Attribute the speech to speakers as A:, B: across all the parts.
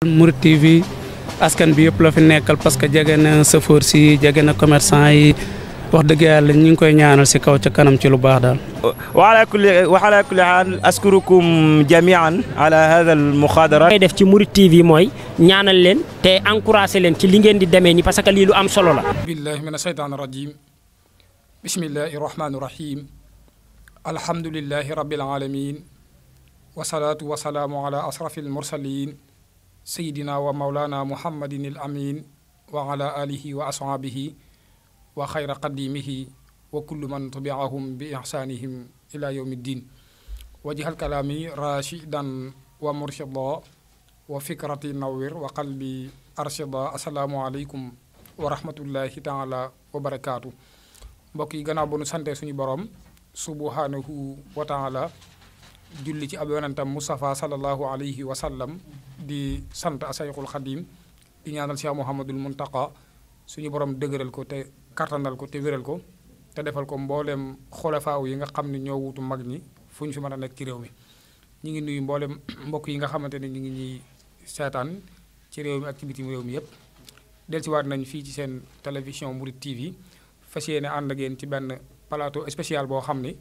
A: Mouride TV askan bi yëpp la fi nekkal parce que jege na chauffeur si jege na commerçant yi wax dëgg yàlla ñu ngi koy ñaanal si kaw ca kanam ci lu baax daal. wa ala kulli wa ala kulli haal askurukum jamian ala hada al muxaadara. koy def ci Mouride TV mooy ñaanal leen te encouragé leen ci li ngeen di demee ni parce que lii lu am solo la. billahi min ashaytaan rajim bismillahi rahmaani rahim alhamdulillahi rabbil alamin wasalaatu wasalaamu ala asrafil mursalin سيدنا ومولانا محمد الأمين وعلى آله وأصحابه وخير قديمه وكل من تبعهم بإحسانهم إلى يوم الدين وجه الكلام راشدا ومرشدا وفكرتي نور وقلبي أرشدا السلام عليكم ورحمة الله تعالى وبركاته بكي جنابون سنتي ba nu sante suñu julli ci ab yonentam Moustapha sallallahu alayhi wa sallam di sant a Sayxul Xadim di ñaanal Cheikh Mouhamadul Muntaqa suñu borom dëgëral ko te kattanal ko te wéral ko te defal ko mbooleem xolafaaw yi nga xam ni ñoo wutu mag ñi fu ñu fi mën a nekk ci réew mi ñu ngi nuyu mbooleem mbokk yi nga xamante ne ñu ngi ñuy seetaan ci réew mi ak ci bitim réew mi yëpp dellusiwaat nañ fii ci seen télévision Mouride TV fas ne ànd ak yéen ci benn palaato spécial boo xam ni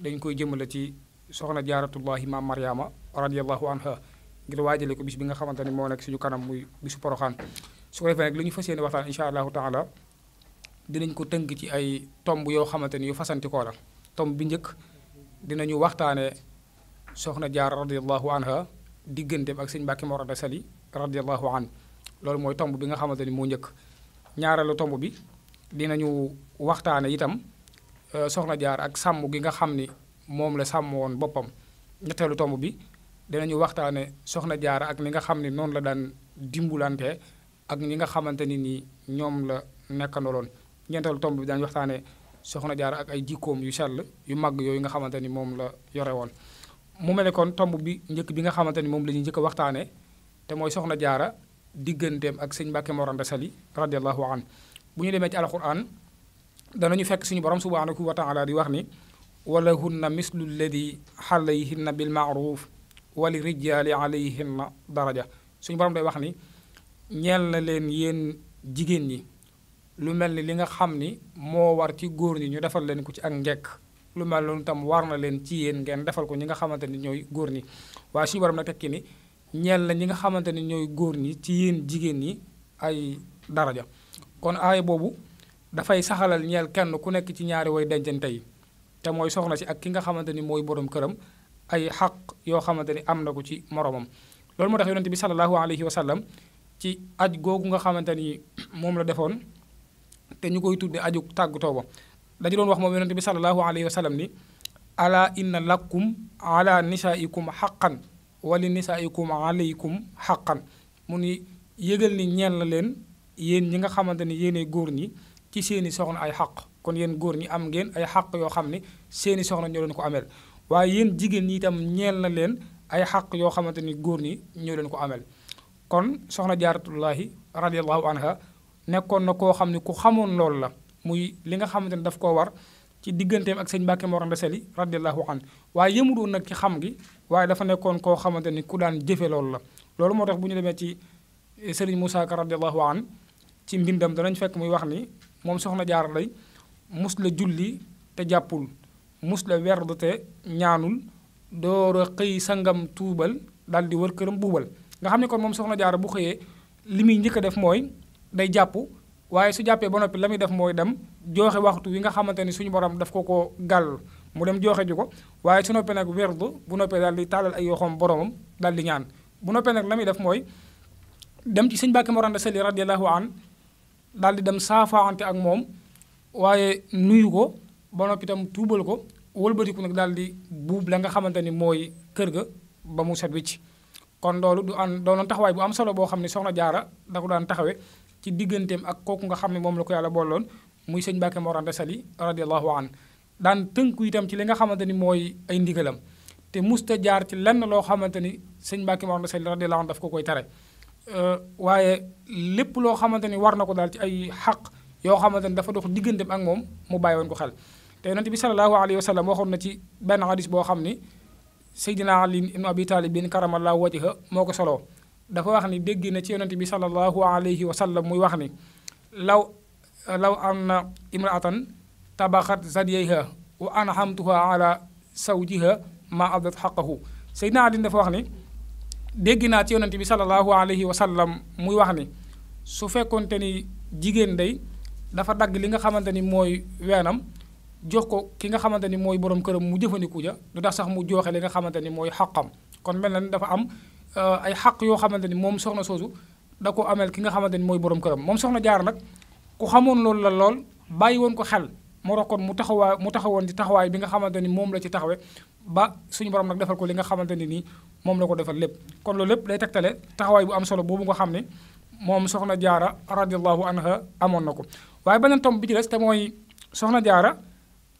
A: dañ koy jëmale ci soxna jaaratullahi maam maryama radiyallahu anha ngir waajale ko bis bi nga xamanteni mo nek suñu kanam muy bisu poroxaan su ko defee nag luñu fassiyene waxtan inshallah taala dinañ ko tënk ci ay tomb yo xamanteni ni yu ko la tomb bi njëkk dinañu waxtane soxna jaar radiyallahu anha digganteem ak sëñ Mbàkke mo rada Sali radiyallahu an loolu moy tomb bi nga xamanteni ni moo njëkk ñaareelu tomb bi dinañu waxtane itam euh, soxna jaar ak sammu gi nga xamni ni moom la sàmm woon boppam ñetteelu tomb bi dinañu waxtaane soxna jaara ak ni nga xam ne noonu la daan dimbulante ak ñi nga xamante ni nii ñoom la nekkandoloon ñeenteelu tomb bi daan waxtaane soxna jaara ak ay jikkoom yu sell yu mag yooyu nga xamante ni moom la yore woon mu mel ne kon tomb bi njëkk bi nga xamante ni moom la ñu njëkk a waxtaane te soxna jaara digganteem ak sëñ Mbàkke Mor Sali radiallahu an bu ñu demee ci alquran danañu fekk suñu borom subhanahu wa taala di wax ni ولهن مثل الذي عليهن بالمعروف وللرجال عليهن درجه سوني بروم داي واخني نيال لين يين جيجين ني لو ملني خامني مو وار تي غور ني ني دافال لين كوتي اك نجيك لو ملون تام لين تي يين نين دفل كو نيغا خامتاني نيوي غور ني وا سوني بروم كيني نيال لا نيغا خامتاني نيوي غور ني تي يين جيجين اي درجه كون اي بوبو دا فاي نيال كين كو نيك تي نياري واي دنجنتاي te mooy soxna si ak ki nga xamante ni mooy boroom këram ay xaq yoo xamante ni am na ko ci moroomam loolu moo tax yonente bi sallallahu alayhi wa sallam ci aj googu nga xamante ni moom la defoon te ñu koy tudde aju tàggatoo ba dañu doon wax moom yonente bi sallallahu alayhi wa sallam ni ala inna lakum ala nisaikum xaqan wali nisaikum alaykum xaqan mu ni yëgal ni ñeen la leen yéen ñi nga xamante ni yéenee góor ñi ci seeni soxna ay xaq kon yéen góor ñi am ngeen ay xàq yoo xam ne seeni soxna ñoo leen ko amel waaye yéen jigéen ñi itam ñeel na leen ay xàq yoo xamante ni góor ñi ñoo leen ko amel kon soxna jaaratullahi radiallahu anha nekkoon na koo xam ne ku xamoon loolu la muy li nga xamante ne daf koo war ci digganteem ak sëñ Mbàkke Mor Anta radiallahu an waaye yemudoon nag ci xam gi waaye dafa nekkoon koo xamante ni ku daan jëfe loolu la loolu moo tax bu ñu demee ci eh, sëriñ radiallahu an ci mbindam danañ fekk muy wax ni moom soxna jaar lay mus la julli te jàppul muus la werdu te ñaanul door xëy sangam tuubal daal di wër këram buubal nga xam ne kon moom soxna jaara bu xëyee li muy njëkk def mooy day jàpp waaye su jàppee ba noppi la muy def mooy dem jooxe waxtu wi nga xamante ni suñu borom daf ko ko gàll mu dem jooxe ko waaye su noppee nag werdu bu noppee daal di taalal ay yoxoom boromam daal di ñaan bu noppee nag la muy def mooy dem ci sëñ Bàkke Mor Anta Sali radiyallahu an dal di dem saafaante ak moom waaye nuyu ko ba noppi itam tuubal ko wëlbatiku nag daal di buub la nga xamante ni mooy kër ga ba mu set ci kon loolu du an doonoon taxawaay bu am solo boo xam ne soxna jaara dafa ko daan taxawe ci digganteem ak kooku nga xam ne moom la ko yàlla bolloon muy sëñ Mbàkke Mor Anta Sali radiyallahu an daan tënku itam ci li nga xamante ni mooy ay ndigalam te musta jaar ci lenn loo xamante ni sëñ Mbàkke Mor Anta Sali radiyallahu an daf ko koy tere euh, waaye lépp loo xamante ni war na ko daal ci ay xaq yoo xamante dafa dox digganteem ak moom mu bàyyi woon ko xel te yonent bi sallallahu alayhi wa sallam waxoon na ci benn hadis boo xam ni Seydina Ali ibn Abi Talib bin karamallahu wajha moo ko soloo dafa wax ni dégg na ci yonent bi sallallahu alayhi wa sallam muy wax ni law law anna imraatan tabaxat zadiyayha wa anhamtuha ala sawjiha ma adat xaqahu Seydina Ali dafa wax ni dégg naa ci yonent bi sallallahu alayhi wa sallam muy wax ni su fekkonte ni jigéen day dafa dagg li nga xamante ni mooy weenam jox ko ki nga xamante ni mooy borom këram mu jëfandiku ja lu tax sax mu jooxe li nga xamante ni mooy xaqam kon mel na ni dafa am euh, ay xaq yoo xamante ni moom soxna soosu da ko ameel ki nga xamante ni mooy borom këram moom soxna jaar nag ku xamoon loolu la lool bàyyi woon ko xel moo kon mu taxawaa mu taxawoon ci taxawaay bi nga xamante ni moom la ci taxawe ba suñu borom nag defal ko li nga xamante ni nii moom la ko defal lépp kon loolu lépp day tegtale taxawaay bu am solo boobu nga xam ne moom soxna jaara radiallahu anha amoon na ko waaye beneen tomb bi ci des te mooy soxna jaara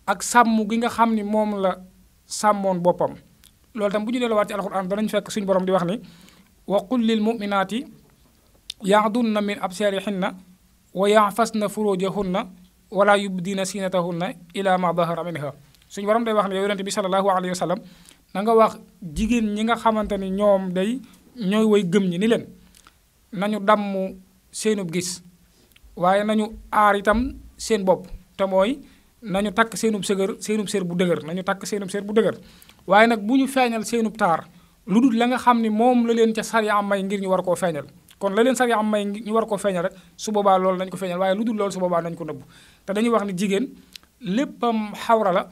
A: ak sàmm gi nga xam ni moom la sàmmoon boppam loolu tam bu ñu delluwaat ci alxuraan danañ fekk suñu borom di wax ni wa qul lil muminaati yaadunna min absaarihinna wa yaafasna furujahunna wala yubdina sinatahunna ila ma dahara minha suñu borom day wax ne yow yonente bi salallahu alayhi wa sallam na nga wax jigéen ñi nga xamante ni ñoom day ñooy way gëm ñi ni leen nañu damu seenub gis waaye nañu aar itam seen bopp te mooy nañu takk seenub sëgër seenub sér bu dëgër nañu takk seenub sér bu dëgër waaye nag bu ñu feeñal seenub taar lu dul la nga xam ni moom la leen ca sari am may ngir ñu war koo feeñal kon la leen sari am may ñu war koo feeñal rek su boobaa loolu nañ ko feeñal waaye lu dul loolu su boobaa nañ ko nëbb te dañuy wax ni jigéen léppam xawra la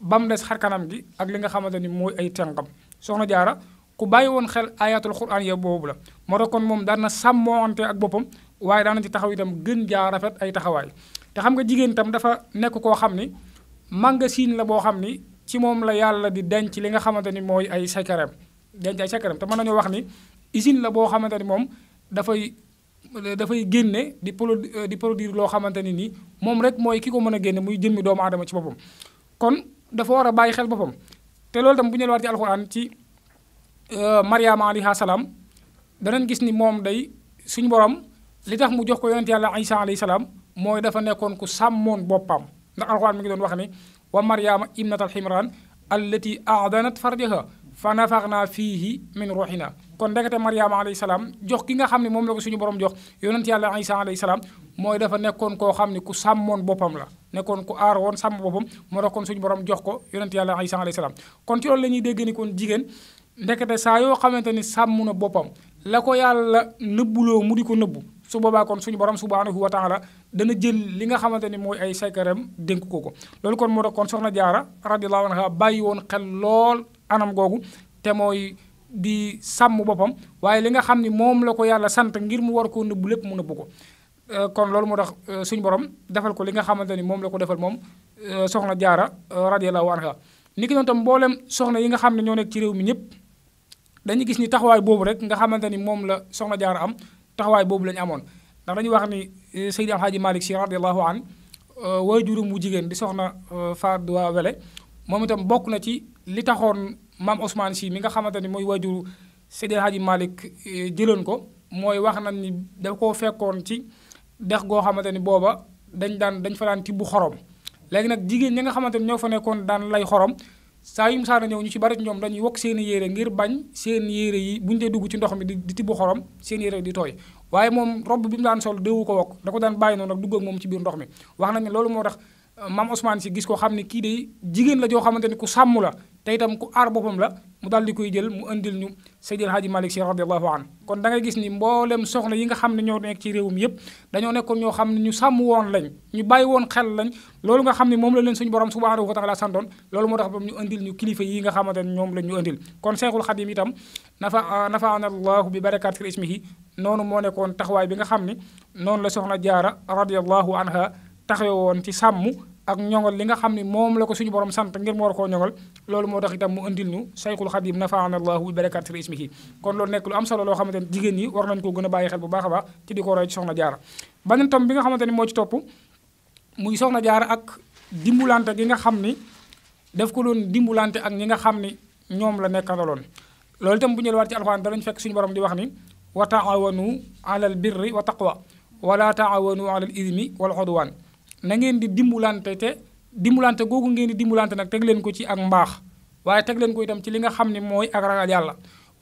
A: bam des xarkanam gi ak li nga xamante ni mooy ay tenqam soxna jaara ku bayi won xel ayatul quran ya bobu la mo tax kon moom daan na sàmmoonte ak bopam way daan na ci taxaw itam gën ja rafet ay taxaway te xam nga jigen tam dafa nek ko xamni magazine la bo xamni ci mom la yalla di denc li nga xamanteni ni ay sakaram denc ay sakaram te man nañu wax ni usine la xamanteni mom ni fay da fay génne di di produire lo xamanteni ni mom rek moy kiko ko mën muy jëmmi doom adam ci bopam kon dafa wara bayi bàyyi xel bopam te punya tam bu Al war ci ci. Mariama alayha salaam danañ gis ni moom day suñu borom li tax mu jox ko yonent yàlla Isa alayhi salaam mooy dafa nekkoon ku sàmmoon boppam ndax alxuraan mi ngi doon wax ni wa Mariama ibnatal Ximraan allati aadanat farjaha fa nafaxnaa min ruuxina kon ndekete Mariama alayhi salaam jox ki nga xam ne moom la ko suñu borom jox yonent yàlla Isa alayhi salaam mooy dafa nekkoon koo xam ne ku sàmmoon boppam la nekkoon ku aar woon sàmm boppam moo tax suñu borom jox ko yonent yàlla Isa alayhi salaam kon ci loolu la ñuy kon jigéen ndekete saa yoo xamante ni sàmm na boppam la ko yàlla nëbbuloo mu di ko nëbbu su boobaa kon suñu borom subhanahu wa taala dana jël li nga xamante ni mooy ay saykaram dénk ko ko loolu kon moo tax kon soxna jaara radiallahu anha bàyyi woon xel lool anam googu te mooy di sàmm boppam waaye li nga xam ni moom la ko yàlla sant ngir mu war koo nëbbu lépp mu ko euh, kon loolu moo tax euh, suñu borom defal ko li nga xamante ni moom la ko defal moom euh, soxna jaara radiallahu anha ni ki noonu tam mboolem soxna yi nga xam ne ñoo nekk ci réew mi ñëpp dañu gis ñi taxawaay boobu rek nga xamante ni moom la soxna jaar am taxawaay boobu la ñu amoon ndax dañuy wax ni e, Seydi Alxaaji Malick Si radiyallahu an e, waajuram wu jigéen di soxna e, Faduwa Wele moom itam bokk na ci li taxoon maam Ousmane Si mi nga xamante ni mooy waajuru Seydi Alxaaji Malick jëloon ko mooy wax nañ ni da koo fekkoon ci dex goo xamante ni booba dañ daan dañ fa daan tibb xorom léegi nag jigéen ñi nga xamante ni ñoo fa nekkoon daan lay xorom saa yu musaana ñëw ñu ci bari ñoom dañuy wokk seen yére ngir bañ seen yére yi buñ dee dugg ci ndox mi di di tibb xorom seen yére di tooy waaye moom robb bi mu daan sol déewu ko wokk da ko daan bàyyi noonu ak dugg ak moom ci biir ndox mi wax nañ ne loolu moo tax Euh, maam Ousmane si gis ko xam ne kii de jigéen la joo xamante ni ku sàmm la te itam ku aar boppam la mu daal di koy jël mu indil ñu Seydil Hadji Malick Sy radiyallahu an kon da gis ni mboolem soxna yi nga xam ne ñoo nekk ci réewum yépp dañoo nekkoon ñoo xam ne ñu sàmm woon lañ ñu bàyyi woon xel lañ loolu nga xam ne moom la leen suñu borom subhanahu wa taala santoon loolu moo tax ba ñu indil ñu kilifa yi nga xamante ne ñoom lañ ñu indil kon Seexul Xadim itam nafa euh, nafaana allahu bi barakaati ismihi noonu moo nekkoon taxawaay bi nga xam ne noonu la soxna jaara radiyallahu anha taxewon ci sammu ak ñongal li nga xamni mom la ko suñu borom sant ngir mo war koo ñongol loolu tax itam mu andil ñu shaykhul khadim nafaana allah bi barakati ismihi kon loolu nekk lu am solo lo xamanteni jigen yi war nañ ko gëna bayyi xel bu baaxa baax ci diko roy ci soxna jaara banen tam bi nga xamanteni mo ci top muy soxna jaara ak dimbulante gi nga xamni daf ko doon dimbulante ak ñi nga xam ni ñoom la nekkandaloon loolu tam bu ñu waat ci da lañ fekk suñu borom di wax ni wa taawanu alal birri wa taqwa wala taawanu alal idmi wal udwan na ngeen di dimbulante te dimbulante googu ngeen di dimbulante nag teg leen ko ci ak mbaax waaye teg leen ko itam ci li nga xam ne mooy ak ragal yàlla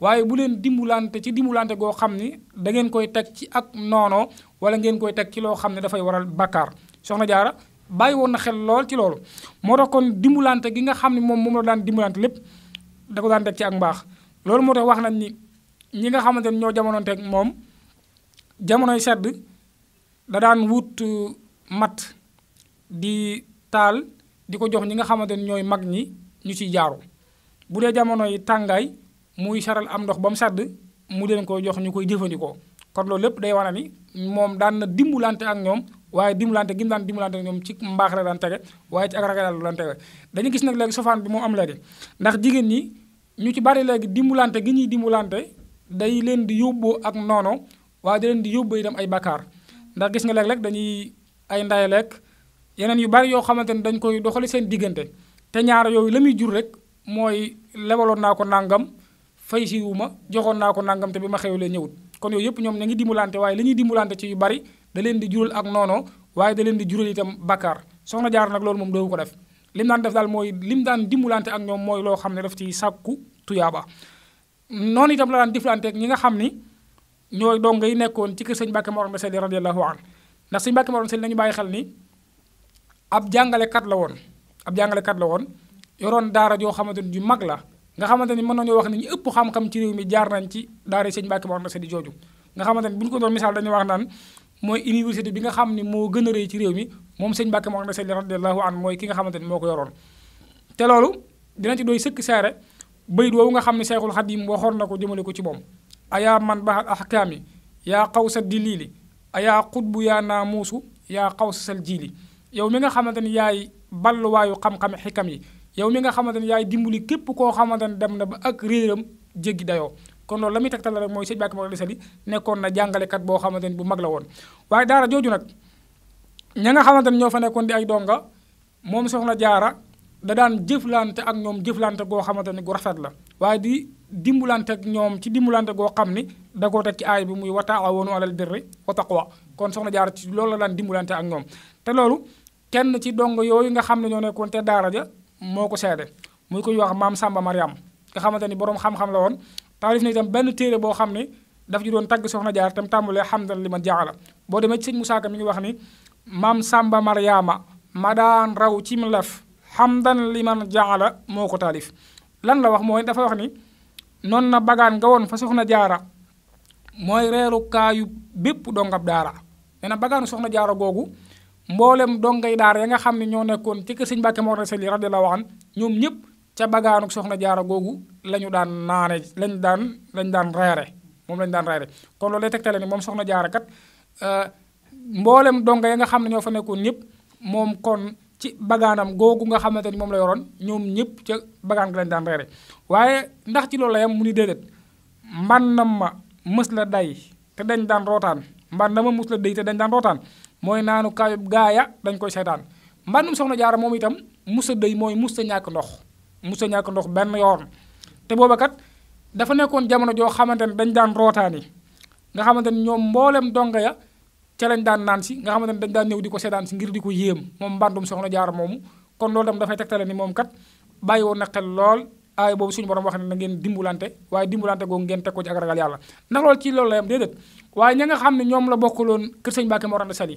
A: waaye bu leen dimbulante ci dimbulante goo xam ni da ngeen koy teg ci ak noono wala ngeen koy teg ci loo xam ne dafay waral bàkkaar soxna jaara bàyyi woon na xel lool ci loolu moo tax kon dimbulante gi nga xam ne moom moom la daan dimbulante lépp da ko daan teg ci ak mbaax loolu moo tax wax nañ ni ñi nga xamante ne ñoo jamononteeg moom jamonoy sedd da daan wut uh, mat di taal di ko jox ñi nga xamante ne ñooy mag ñi ñu ciy jaaru bu dee jamono yi tàngaay muy saral am ndox ba mu sàdd mu leen ko jox ñu koy jëfandikoo kon loolu lépp day wane ni moom daan na dimbalante ak ñoom waaye dimbalante gi mu daan dimbalante ñoom ci mbaax waaye ci ak ragal la daan tege gis nag léegi sofaan bi moo am léegi ndax jigéen ñi ñu ci bari léegi dimbalante gi ñuy dimbulante day leen di yóbboo ak noono waaye da di yóbboo itam ay bakkaar ndax gis nga léeg-léeg dañuy ay nday lekk yeneen yu bari yoo xamante ni dañ koy doxali seen diggante te ñaar yooyu la muy jur rek mooy lebaloon naa ko nàngam fey si wu ma joxoon naa ko nàngam te bi ma xewlee ñëwut kon yooyu yëpp ñoom ña ngi dimbalante waaye li ñuy dimbalante ci yu bari da leen di jural ak noonoo waaye da leen di jural itam bakkaar soxna jaar nag loolu moom doogu ko def lim daan def daal mooy lim daan dimbalante ak ñoom mooy loo xam ne daf ci sàkku tuyaaba noonu yi tam la daan diflante ak ñi nga xam ni ñooy dong ngay nekkoon ci kër sëñ Mbàkke Mor Anta Sali radiyallahu anhu ndax sëñ Mbàkke Mor Anta Sali nañu bàyyi xel ni ab jàngalekat la woon ab jàngalekat la woon yoroon daara joo xamante ni ju mag la nga xamante ni mën nañoo wax ne ñu ëpp xam-xam ci réew mi jaar nañ ci daara sëñ Mbàkke Mor Anta Sali jooju nga xamante ni bu ñu ko doon misaal dañuy wax naan mooy université bi nga xam ni moo gën a rëy ci réew mi moom sëñ Mbàkke Mor Anta Sali radiyallahu anhu mooy ki nga xamante moo ko yoroon te loolu dina ci doy sëkk saare bayit woowu nga xam ne Seexul Xadiim waxoon na ko jëmale ko ci moom ayaa man bahal ahkaami yaa xawsa dilili ayaa xutbu yaa naamuusu yaa xawsa sal jiili yow mi nga xamante ni yaay balluwaayu xam-xame xikam yi yow mi nga xamante ni yaay dimbali képp koo xamante ni dem na ba ak réeram jéggi dayoo kon loolu la muy tegtal rek mooy sëñ Mbàkke Mor Anta Sali nekkoon na jàngalekat boo xamante ni bu mag la woon waaye daara jooju nag ña nga xamante ni ñoo fa nekkoon di ay donga moom soxna jaara da daan jëflante ak ñoom jëflante goo xamante ni gu rafet la waaye di dimbalante ak ñoom ci dimbalante goo xam ni da koo teg ci aay bi muy wa taawanu alal birri wa taqwa kon soxna jaara ci loolu la daan dimbalante ak ñoom te loolu kenn ci dong yooyu nga xam ne ñoo nekkoon te daara ja moo ko seede muy koy wax maam Samba Mariam nga xamante ni borom xam-xam la woon taalif na itam benn téere boo xam ne daf ji doon tagg soxna jaar tam tàmbalee xamdan li ma jaala boo demee ci sëñ Moussa Ka mi ngi wax ni maam Samba Mariama Madan raw ci mu laf xamdan li man jaala moo ko taalif lan la wax mooy dafa wax ni noonu na bagaan nga woon fa soxna jaara mooy reerukaayu bépp dongab daara nee na bagaanu soxna jaara googu mboolem dongay daar ya nga xam ne ñoo nekkoon ci kër sëñ Mbàkke Mor Sali radiyallaahu anhu ñoom ñëpp ca bagaanu soxna jaara googu la ñu daan naane lañ daan lañ daan reere moom lañ daan reere kon loolu lay tegtale ni moom soxna jaara kat euh, mboolem donga ya nga xam ne ñoo fa nekkoon ñëpp moom kon ci bagaanam googu nga xamante ni moom la yoroon ñoom ñëpp ca bagaan gi lañ daan waaye ndax ci loolu la yam mu ni déedéet mbànnam ma mës la day te dañ daan rootaan mbànnam ma mës la day te dañ daan rootaan mooy naanu kaayub gaaya dañ koy seetaan mbàndum soxna jaara moom itam musa dëy mooy musa ñàkk ndox musa ñàkk ndox benn yoon te booba kat dafa nekkoon jamono joo xamante ne dañ daan rootaani nga xamante ne ñoom mboolem donga ya ca lañ daan naan si nga xamante ne dañ daan ñëw di ko seetaan si ngir di ko yéem moom mbàndum soxna jaara moomu kon loolu tam dafay tegtale ni moom kat bàyyi woon na xel lool aay boobu suñu borom wax ne na ngeen dimbulante waaye dimbulante googu ngeen teg ko ci ak ragal yàlla waaye ña nga xam ne ñoom la bokkaloon kër sëñ Mbacke Mor Anta Sali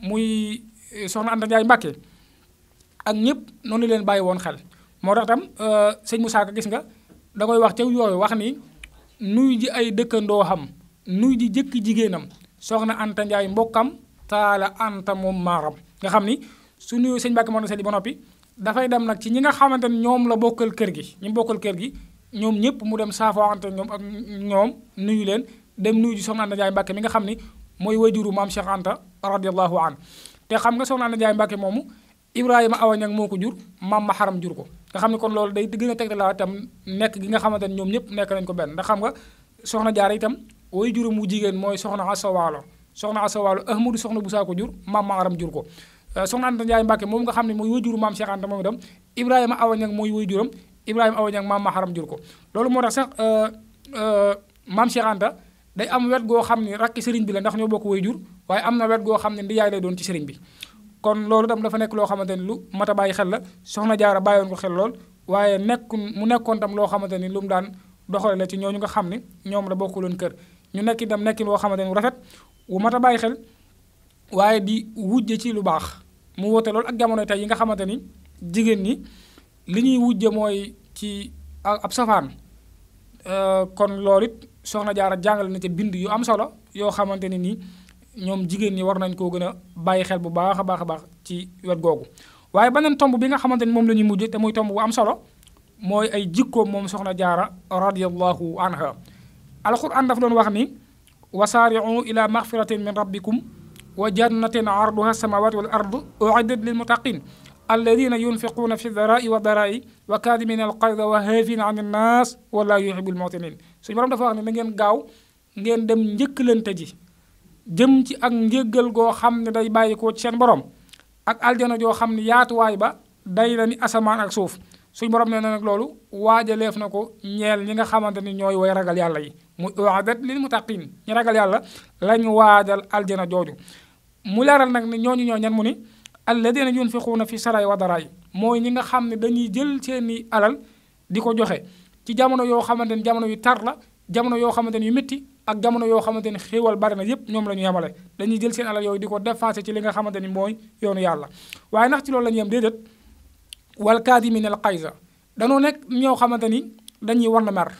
A: muy eh, soxna Anta Ndiaye Mbacke ak ñëpp noonu leen bàyyi woon xel moo tax tam eh, sëñ Moussa Ka nga da koy wax ca yooyu wax ni nuy ji ay dëkkandoo xam nuy ji jëkk jigéenam soxna Anta Ndiaye mbokkam taala Anta moom maaram nga xam ni su nuyoo sëñ Mbacke Mor Anta Sali ba noppi dafay dem nag ci ñi nga xamante ne ñoom la bokkal kër gi ñi bokkal kër gi ñoom ñëpp mu dem saafoo ante ñoom ak ñoom nuyu leen dem nuyu ji soxna Anta Ndiaye Mbacke mi nga xam ni mooy wajuru maam Cheikh Anta radiallahu an te xam nga soxna Anta Ndiaye Mbacke moomu Ibrahima awañ ak moo ko jur maam jur ko nga xam ne kon loolu day gën a teg la itam nekk gi nga xamante ne ñoom ñëpp nekk nañ ko benn ndax xam nga soxna jaara itam way juróom wu jigéen mooy soxna asawaalo soxna asawaalo soxna bu saa ko jur maam ma xaram jur ko euh, soxna Anta Ndiaye moom nga xam ne mooy wajuru maam Cheikh Anta moom itam Ibrahima awañ ak mooy way juram Ibrahima awañ ak maam ma xaram jur ko loolu moo tax sax euh, euh, maam Cheikh Anta day am wet goo xam ne rakki sëriñ bi la ndax ñoo bokk way jur waaye am na wet goo xam ne ndiyaay lay doon ci sëriñ bi kon loolu tam dafa nekk loo xamante ni lu mat a bàyyi xel la soxna jaara bàyyoon ko xel lool waaye nekku mu nekkoon tam loo xamante ni lu mu daan doxale la ci ñoo ñu nga xam ni ñoom la bokk bokkuloon kër ñu nekk itam nekkin woo xamante ni rafet wu mat a bàyyi xel waaye di wujje ci lu baax mu woote loolu ak jamono tey yi nga xamante ni jigéen ñi li ñuy wujje mooy ci ab safaan euh, kon loolu soxna jaara jàngale na ci bind yu am solo yo xamanteni ni ñom ñoom jigéen ñi war nañ ko gëna bàyyi xel bu baaxa baaxa baax ci wet gogu waye beneen tomb bi nga xamanteni mom lañuy mujjé te moy tomb bu am solo moy ay jikko mom soxna jaara radiyallahu anha alquran daf doon wax ni wasari'u ila maghfiratin min rabbikum wa jannatin arduha samawati wal ardu uiddat lil muttaqin alladina yunfiquuna fi darai wa darai wa kaadimina alqayda wa haafina an annas wala yuhibu almutinin suñ borom dafa wax ne na ngeen gaaw ngeen dem njëkklante ji jëm ci ak njëggal goo xam ne day bàyyi ko ci seen borom ak aljana joo xam ne yaatuwaay ba day na ni asamaan ak suñu borom nee na nag loolu waajaleef na ko ñeel ñi nga xamante ni ñooy way ragal yàlla yi mu waadat mu muttaqin ñu ragal yàlla lañ waajal aljana jooju mu leeral nag ni ñooñu ñoo ñan mu ni alladina yunfiquuna fi saray wa daray mooy ñi nga xam ne dañuy jël seeni alal di ko joxe ci jamono yo xamanteni jamono yu tar la jamono yo xamanteni yu métti ak jamono yo xamanteni xewal xéewal bari na yépp ñoom la ñu dañuy jël seen alal yoy diko ko ci li nga xamanteni moy yoonu yàlla waye nak ci loolu lañu yam dedet wal kaadimina al qaiza dañu nek ño xamanteni dañuy war na mer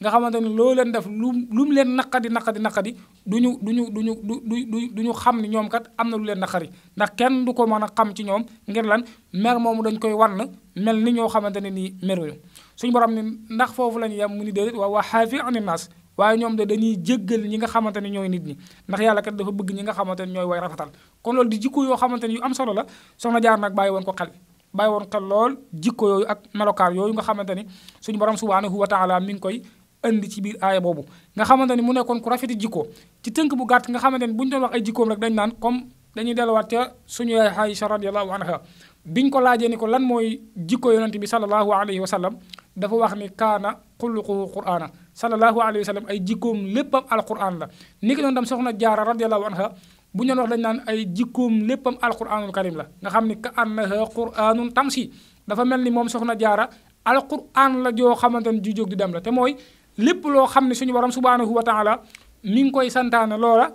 A: nga xamanteni ni leen def lu lu leen nakadi nakadi nakadi duñu duñu duñu du xam ni ñom kat amna lu leen nakari ndax kenn du ko mëna xam ci ñom ngir lan mer momu dañ koy na mel ni ño xamanteni ni meruñu suñu borom ni ndax fofu lañu yam mu ni déedéet wa wahafi xaafi nas waye ñom de dañuy jéggel ñi nga xamanteni ñoy nit ñi ndax yalla kat dafa bëgg ñi nga xamanteni ñoy way rafatal kon lool di jikko yo xamanteni yu am solo la soxna jaar nak won ko xal bàyyi won xal lool jikko ak melokar yo nga xamanteni ni suñu borom subhanahu wa taala mi koy andi ci bir aya bobu nga xamanteni mu nekkon ku rafeti jikko ci teunk bu gatt nga xamanteni buñ doon wax ay jikkom rek dañ nan comme dañuy delluwaat ci suñu yaay Aïcha radiallahu anha biñ ko laaje ni ko lan moy jikko yonnati bi sallallahu alayhi wa sallam dafa wax ni kaana xuluquhu quraana sallallahu alayhi wa sallam ay jikkoom léppam alquran la ni ki noonu tam soxna jaara radiallahu anha bu ñu wax dañ naan ay jikkoom léppam alquranul karim la nga xam ni ka annaha quranun tamsi dafa mel ni moom soxna jaara alquran la joo xamante ni ju jóg di dem la te mooy lépp loo xam ne suñu borom subhanahu wa taala mi ngi koy santaane loola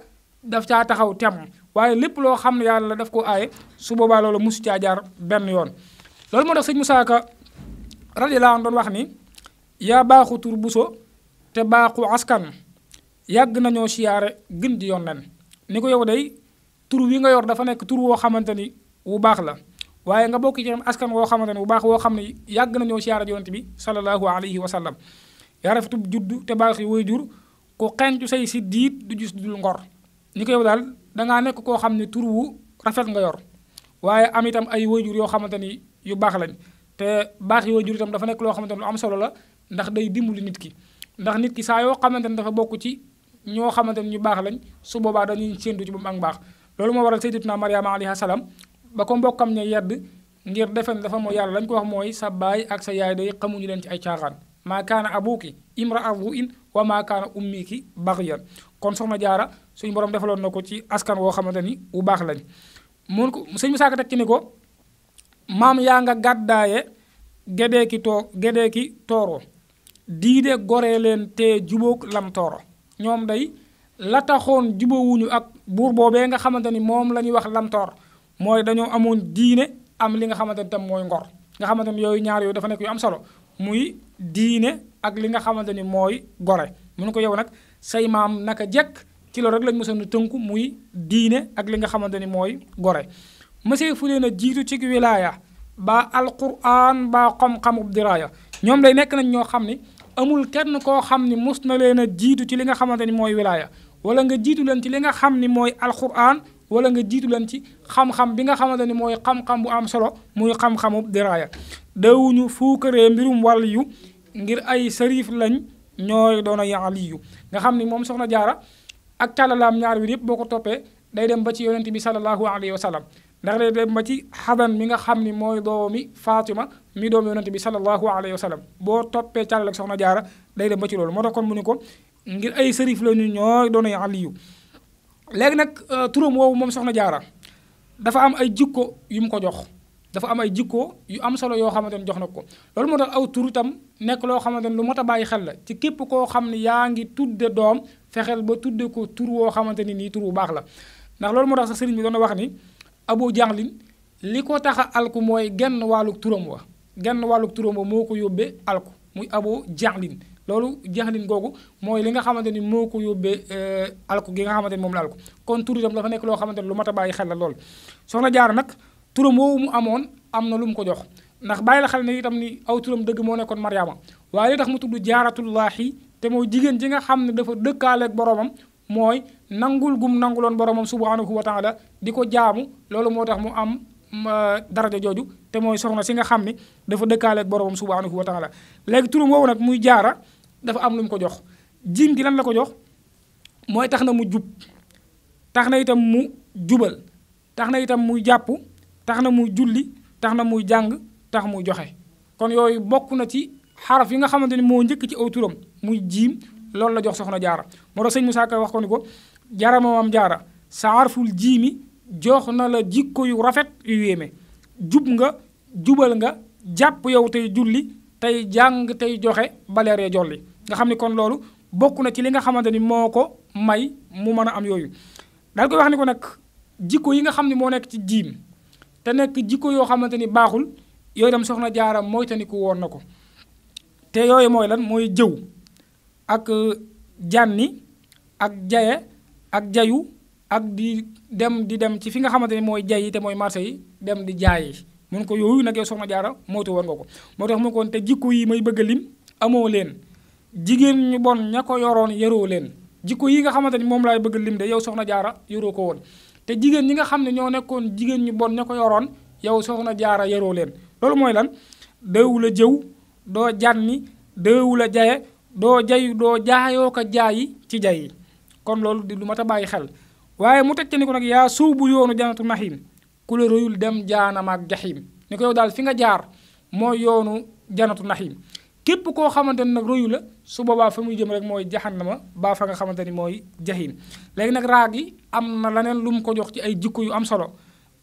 A: daf caa taxaw tem waaye lépp loo xam ne yàlla daf ko aaye su boobaa loolu mosu caa jaar benn yoon radiyallahu anhu doon wax ni ya baaxu tur buso te baaxu askan yag nañu siyaare gënd di yonnen ni ko yow day tur wi nga yor dafa nek tur wo xamanteni wu bax la waye nga bokki ci askan wo xamanteni wu bax wo xamni yag nañu nañoo yonent bi sallallahu alayhi wa sallam judd te baax way jur ko xencu say si du gis dul ngor ni ko yow dal da nga nek ko xamni tur wu rafet nga yor waye am itam ay wayjur yo xamanteni yu bax lañ te baax yooyu waajur itam dafa nekk loo xamante ne lu am solo la ndax day dimbali nit ki ndax nit ki saa yoo xamante ne dafa bokk ci ñoo xamante ne ñu baax lañ su boobaa dañuy séentu ci moom ak baax loolu moo waral sayyidatuna Mariama alayha salaam ba ko mbokkam ña yedd ngir defe dafa mooy yàlla lañ ko wax mooy sa baay ak sa yaay day xamuñu leen ci ay caaxaan maa kaana abuki imra abu in wa maa kaana ummiki baxiyan kon soxna jaara suñu borom defaloon na ko ci askan woo xamante ni wu baax lañ mun ko sëñ bi saaka teg ci ne ko maam yaa nga gàddaaye gedee ki toog gedee ki tooro diide gore leen te jubóog lam tooro ñoom day la taxoon wuñu ak buur boobee nga xamante ni moom la ñuy wax lamtoor mooy dañoo amoon diine am li nga xamante ni tam mooy ngor nga xamante ni yooyu ñaar yooyu dafa nekk yu am solo muy diine ak li nga xamante ni mooy gore mun ko yow nag say maam naka jekk ci loolu rek lañ mësoon tënku muy diine ak li nga xamante ni mooy gore mëseefu leen a jiitu ci wilaaya ba alquran ba xam-xamub diraaya ñoom day nekk nañ ñoo xam ni amul kenn koo xam ni mus na leen a jiitu ci li nga xamante ni mooy wilaaya wala nga jiitu leen ci li nga xam ni mooy alquran wala nga jiitu leen ci xam-xam bi nga xamante ni xam-xam bu am solo muy xam-xamub diraaya dawuñu fuukaree mbirum wàll ngir ay sariif lañ ñooy doon ay aliyu nga xam ni moom soxna jaara ak tàllalaam ñaar wi yëpp boo ko day dem ba ci yonente bi sallallahu alayhi wa ndax day dem ba ci xadan mi nga xam ni mooy doomi Fatima mi doom yonante bi sallallahu alayhi wa sallam boo toppee càllal ak soxna jaara day ba ci loolu moo tax kon mu ni ko ngir ay sërif la ñu ñooy doonay aliyu léegi nag euh, turam woowu moom soxna jaara dafa am ay jikko yu mu ko jox dafa am ay jikko yu am solo yoo xamante ne jox na ko loolu moo tax aw tur itam nekk loo xamante ne lu mot a bàyyi xel la ci képp koo xam ne yaa ngi tudde doom fexeel ba tudde ko tur woo xamante ni nii tur bu baax la ndax loolu moo tax sa sëriñ bi doon wax ni abu jaxlin li ko tax a alku mooy genn wàllug turam wa genn wàllug turam wa moo ko yóbbee alku muy abu jaxlin loolu jaxlin googu mooy li nga xamante ni moo ko yóbbee eh, alk gi nga xamante ni moom la alku kon tur itam nekk loo xamante ni lu mat a bàyyi xel la lool soxla jaar nag turam woowu mu amoon am na lu mu ko jox ndax bàyyi la xel ne itam ni aw turam dëgg moo nekkoon Mariama waaye li tax mu tudd jaaratullaahi te mooy jigéen ji nga xam ne dafa dëkkaaleeg boromam mooy nangul gum nanguloon boromam subhanahu wa taala di ko jaamu loolu moo tax mu am mm, euh, daraja jooju te mooy soxna si nga xam ni dafa dëkkaale ak boromam subhanahu wa taala léegi turam woowu nag muy jaara dafa am lu mu ko jox jiim gi lan la ko jox mooy tax na mu jub tax na itam mu jubal tax na itam muy jàpp tax na mu julli tax na muy jàng tax mu joxe kon yooyu bokk na ci xaraf yi nga xamante ni moo njëkk ci aw turam muy jiim loolu la jox soxna jaara moo tax sëñ Moussa Ka wax ko ni ko jaara maam jaara sa arful jii mi jox na la jikko yu rafet yu yéeme jub nga jubal nga jàpp yow tey julli tey jàng tey joxe baleeree jolli nga xam ni kon loolu bokk na ci li nga xamante ni moo ko may mu mën a am yooyu daal koy wax ni ko nag jikko yi nga xam ni moo nekk ci jiim te nekk jikko yoo xamante ni baaxul yooyu dem soxna jaara moytandiku woon na ko te yooyu mooy lan mooy jëw ak euh, jànni ak jaye ak jayu ak di dem di dem ci fi nga xamante ni mooy jay yi te mooy marché yi dem di jaay yi mun ko yooyu nag yow soxna jaara moytu woon nga ko moo tax mu ko te jikko yi may bëgg lim amoo leen jigéen ñu bon ña ko yoroon yaroo leen jikko yi nga xamante ni moom lay bëgg lim de yow soxna jaara yoroo ko woon te jigéen ñi nga xam ne ñoo nekkoon jigéen ñu bon ña ko yoroon yow soxna jaara yaroo leen loolu mooy lan dëewu la jëw doo jànni dëewu la jaye do jayu do jaayo ka jaayi ci jayi kon loolu di lu mata a xel waye mu teg ci ni ko nag yaa suubu yoonu dem jana mak jahim ni ko yow dal fi nga jaar mo yonu janatu naxiim kep ko xamante nak nag la su boobaa fa muy jëm rek moy jahannama ba fa nga moy jahim legi nak raagi am na lum lu mu ko jox ci ay jikko yu am solo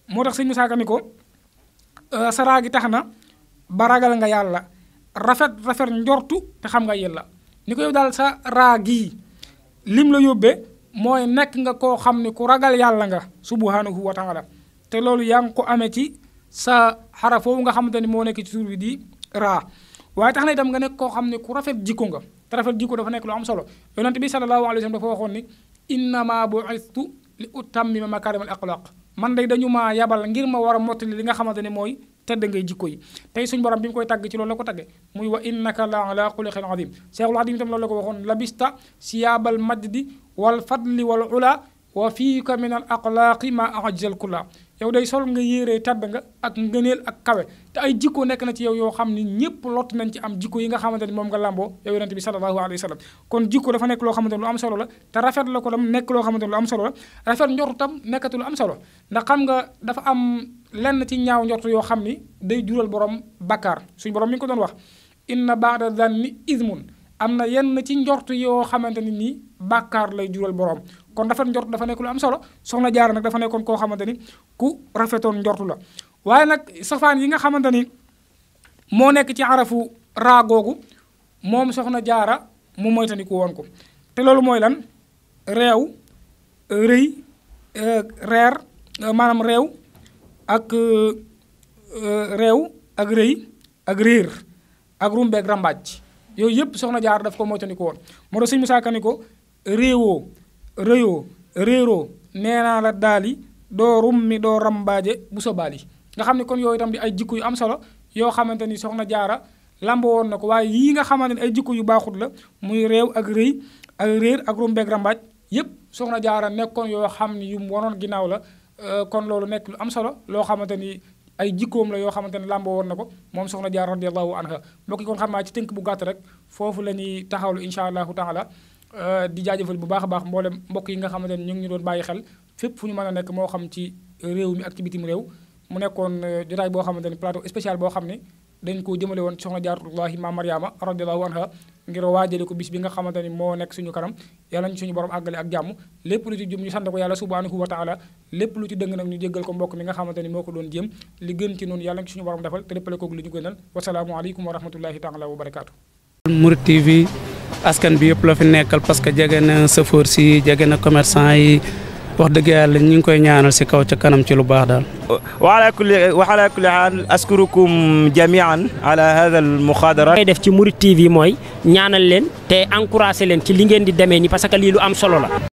A: motax tax sëñ Musaa sa raagi taxna baragal nga yalla rafet rafet ndortu te xam nga yalla ni ko yow daal sa raa gii lim la yóbbee mooy nekk nga koo xam ne ku ragal yàlla nga subu subhanahu wa taala te loolu yaa ngi ko amee ci sa xara foofu nga xamante ni moo nekk ci tur bi di raa waaye tax na itam nga nekk koo xam ne ku rafet jikko nga te rafet jikko dafa nekk lu am solo yonent bi sallallahu alayhi wa sallam dafa waxoon ni innama bu'istu li utammima makarim al axlaq man de dañu maa yabal ngir ma war a mottali li nga xamante ne mooy té da ngay jikko yi tay suñu borom bi mu koy tàgg ci loolu la ko tagge muy wa innaka la ala xuluqin azim seexul adim tam loolu la ko waxon labista siyabal majdi wal fadli wal ula wa fika min al aqlaqi ma ajjal kulla yow day sol nga yéeree tedd nga ak ngëneel ak kawe te ay jikko nekk na ci yow yoo xam ni ñëpp lott nañ ci am jikko yi nga xamante ni moom nga làmboo yow yonent bi sallallahu alayhi wa sallam kon jikko dafa nekk loo xamante ni lu am solo la te rafet la ko tam nekk loo xamante ni lu am solo la rafet njortu tam nekkati lu am solo ndax xam nga dafa am lenn ci ñaaw njortu yoo xam ni day jural borom bakkaar suñu borom mi ngi ko doon wax inna ba'da dhanni ismun am na yenn ci njort yoo xamante ni nii bàkkaar lay jural boroom kon rafet njort dafa nekk lu am solo soxna jaar nak dafa nekkoon ko xamanteni ku rafetoon njortu la waye nak safan yi nga xamanteni mo nek ci arafu ra gogu mom soxna jaara mu ku won ko te lolu moy lan rew reuy eh, reer eh, manam rew ak eh, rew ak reuy ak rer ak ak rambaaj yoy yep soxna jaar daf ko moy tani moo won mo do Ka musa kaniko rewo rëyoo réeroo neenaa la daali doo rummi doo rambaaje bu sa baali nga xam ne kon yooyu tam di ay jikko yu am solo yoo xamante ni soxna jaara lamb woon na ko waaye yii nga xamante ni ay jikko yu baaxut la muy réew ak rëy ak réer ak rumbeeg rambaaj yépp soxna jaara nekkoon yoo xam ne yu mu wanoon ginnaaw la euh, kon loolu nekk lu am solo loo xamante ni ay jikkoom la yoo xamante ne làmboo woon na ko moom soxna jaar radiallahu anha mbokk yi kon xam naa ci tënk bu gàtt rek foofu la ñuy taxawlu incha allahu taala Euh, di jaajëfal bu baax a baax mboolem mbokk yi nga xamante ne ñu ngi ñu doon bàyyi xel fépp fu ñu mën a nekk moo xam ci réew mi ak ci réew mu nekkoon euh, jotaay boo xamante ne plateau boo xam ne dañ ko jëmale woon soxna jaaratullahi maam mariama radiallahu anha ngir waajale ko bis bi nga xamante moo nekk suñu kanam yàlla ñu suñu borom àggale ak jàmm lépp lu ci jëm ñu sant ko yàlla dëng nag ñu jéggal ko mbokk mi nga xamante ni moo ko doon jéem li gën ci noonu yàlla ñu suñu borom defal te déppale koog li ñu gënal wasalaamu Mouride TV askan bi yëpp la fi nekkal parce que jege na chauffeur si jege na commerçant yi wax dëgg yàlla ñu ngi koy ñaanal si kaw ca kanam ci lu baax daal. wa ala kulli wa ala kulli haal askurukum jamian ala def ci Mouride TV mooy ñaanal leen te encouragé leen ci li ngeen di demee nii parce que lii lu am solo la.